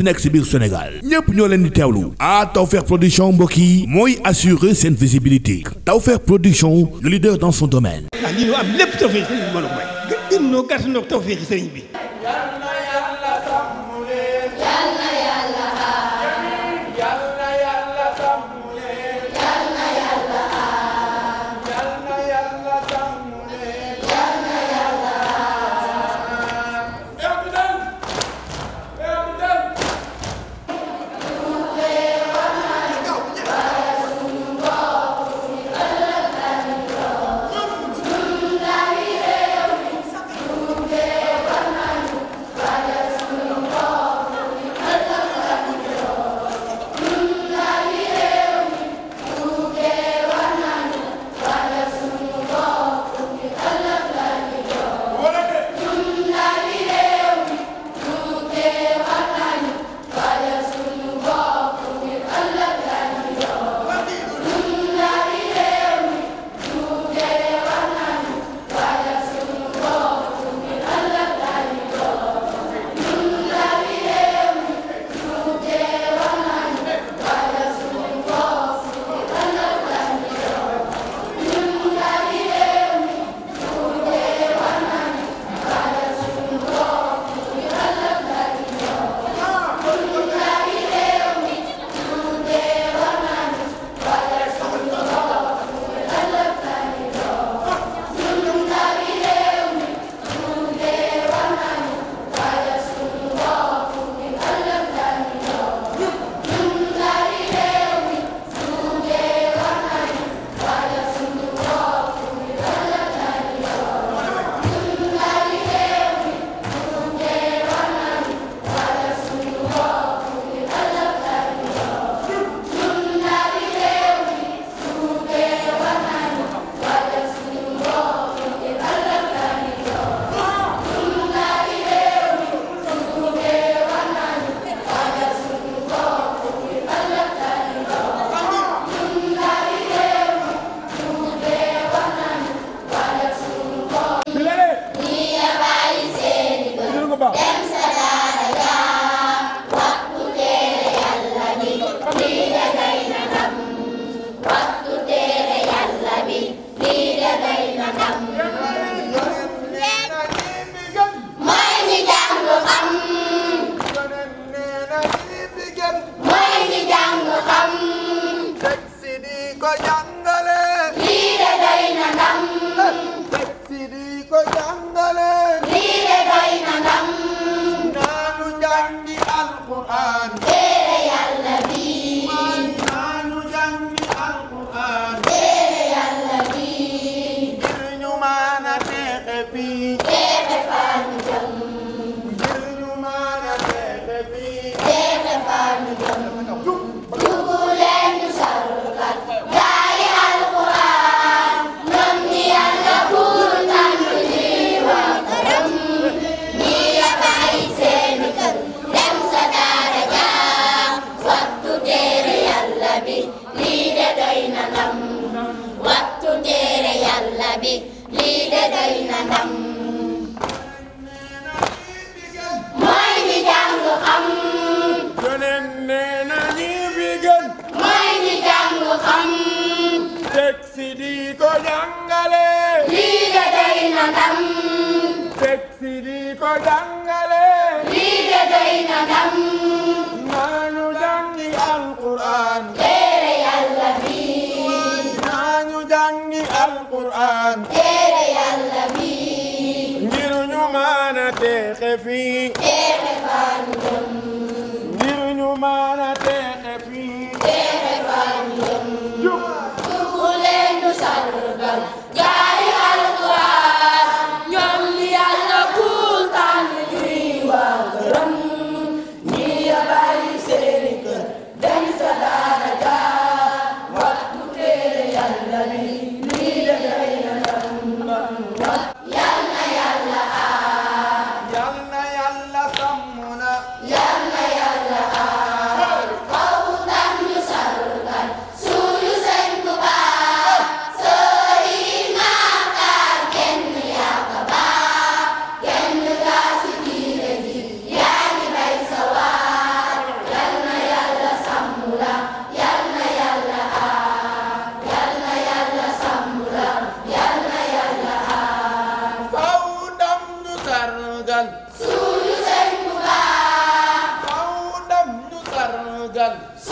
mënti nekk si biir Sénégal ñëpp ñoo leen di teewlu ah Tawfekh production mbokk yi mooy assurer seen visibilité Tawfekh production le leader dans son domaine. ah lii am lépp Tawfekh sëriñ bi mën may. gën noo gàtt noo Tawfekh sëriñ bi. ko jàngale lii de doy na ndam si di ko jàngale lii de doy na ndam naanu jàngi alquran téere yàlla bi naanu jàngi alquran téere yàlla bi ngir ñu mën a texe fii texe fa ñu jëm ngir ñu mën a texe fii ndam teg si di ko jàngale lii de doy na ndam nañu jàngi alquran téere yàlla bi nañu jàngi alquran téere yàlla bi ngir ñu mën a texe fii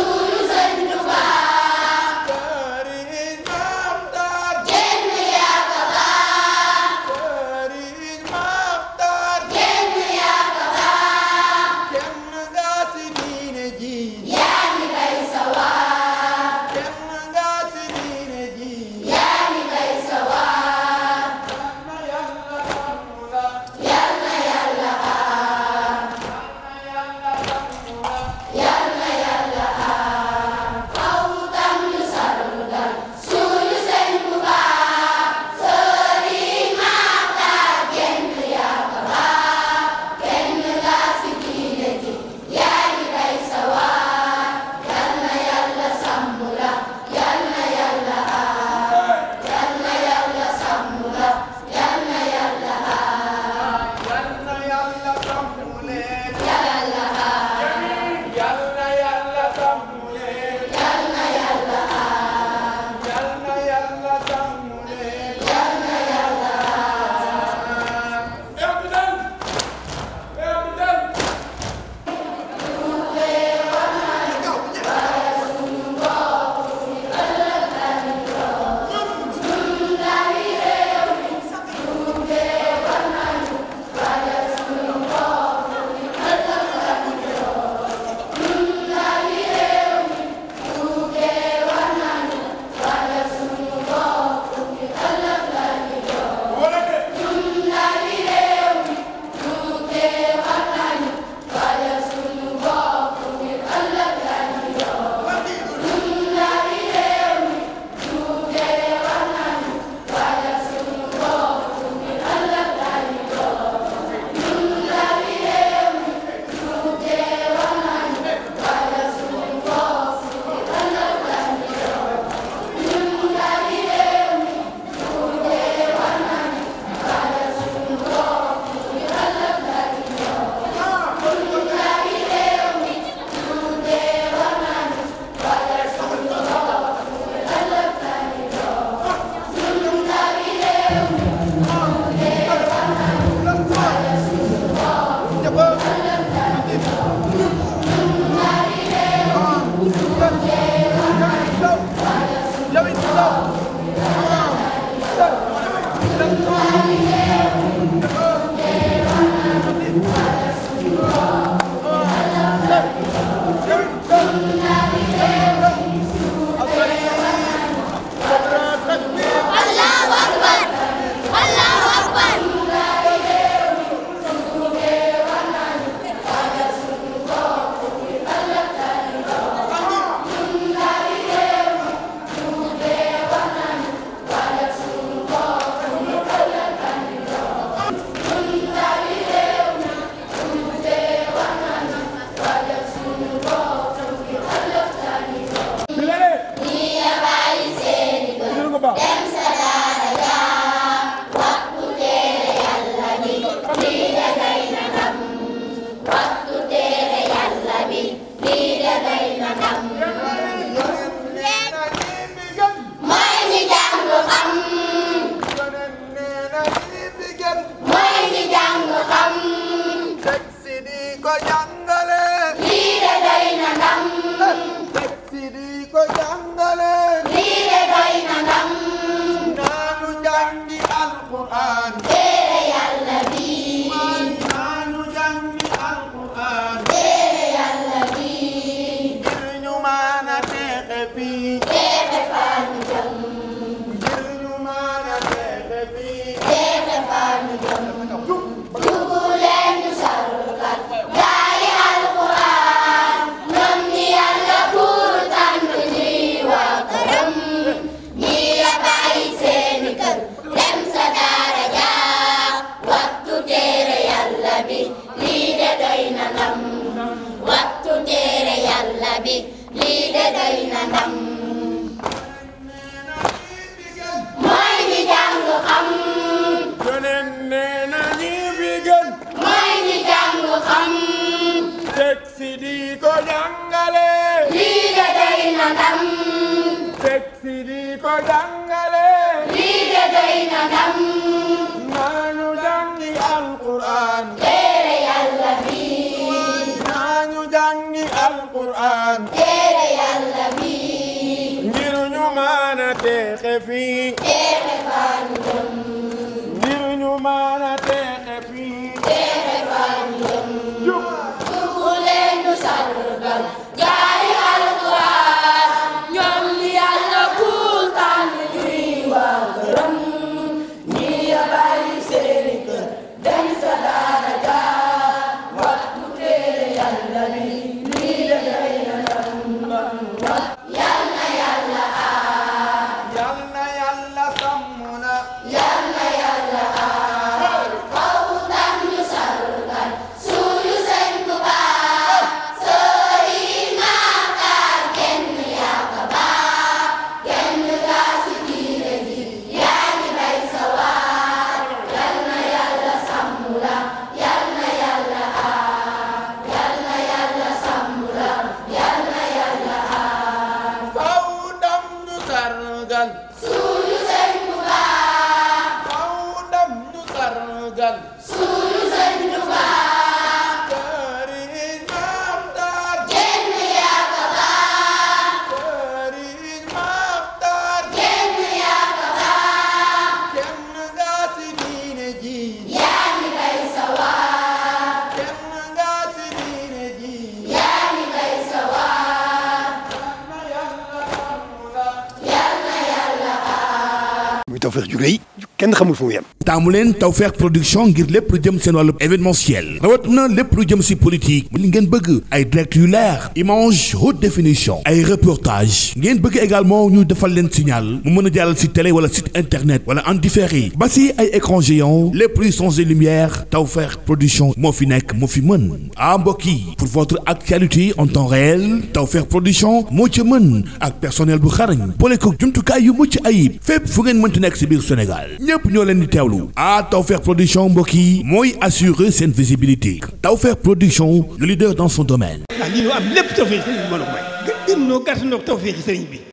رسول زنبا ndam teg si di ko jàngale lii de doy na ndam nañu jàngi alquran téere yàlla bi nañu jàngi alquran téere yàlla bi ngir ñu mën a texe fii Tawfekh ju rëy kenn xamul fu mu yem. taamu leen Tawfekh production ngir lépp lu jëm seen wàllu événementiel rawat na lépp lu jëm si politique mu li ngeen bëgg ay direct yu leer image haute définition ay reportage ngeen bëgg également ñu defal leen signal mu mën a jàll si télé wala site internet wala en différé ba si ay écran géant lépp luy changé lumière Tawfekh production moo fi nekk moo fi mën ah mbokk yi pour votre actualité en temps réel Tawfekh production moo ci mën ak personnel bu xarañ boole ko jumtukaay yu mucc ayib fépp fu ngeen nekk si biir Sénégal ñëpp ñoo leen di ñëw ah Tawfekh production mbokk yi mooy assurer seen visibilité Tawfekh production le leader dans son domaine. ah lii am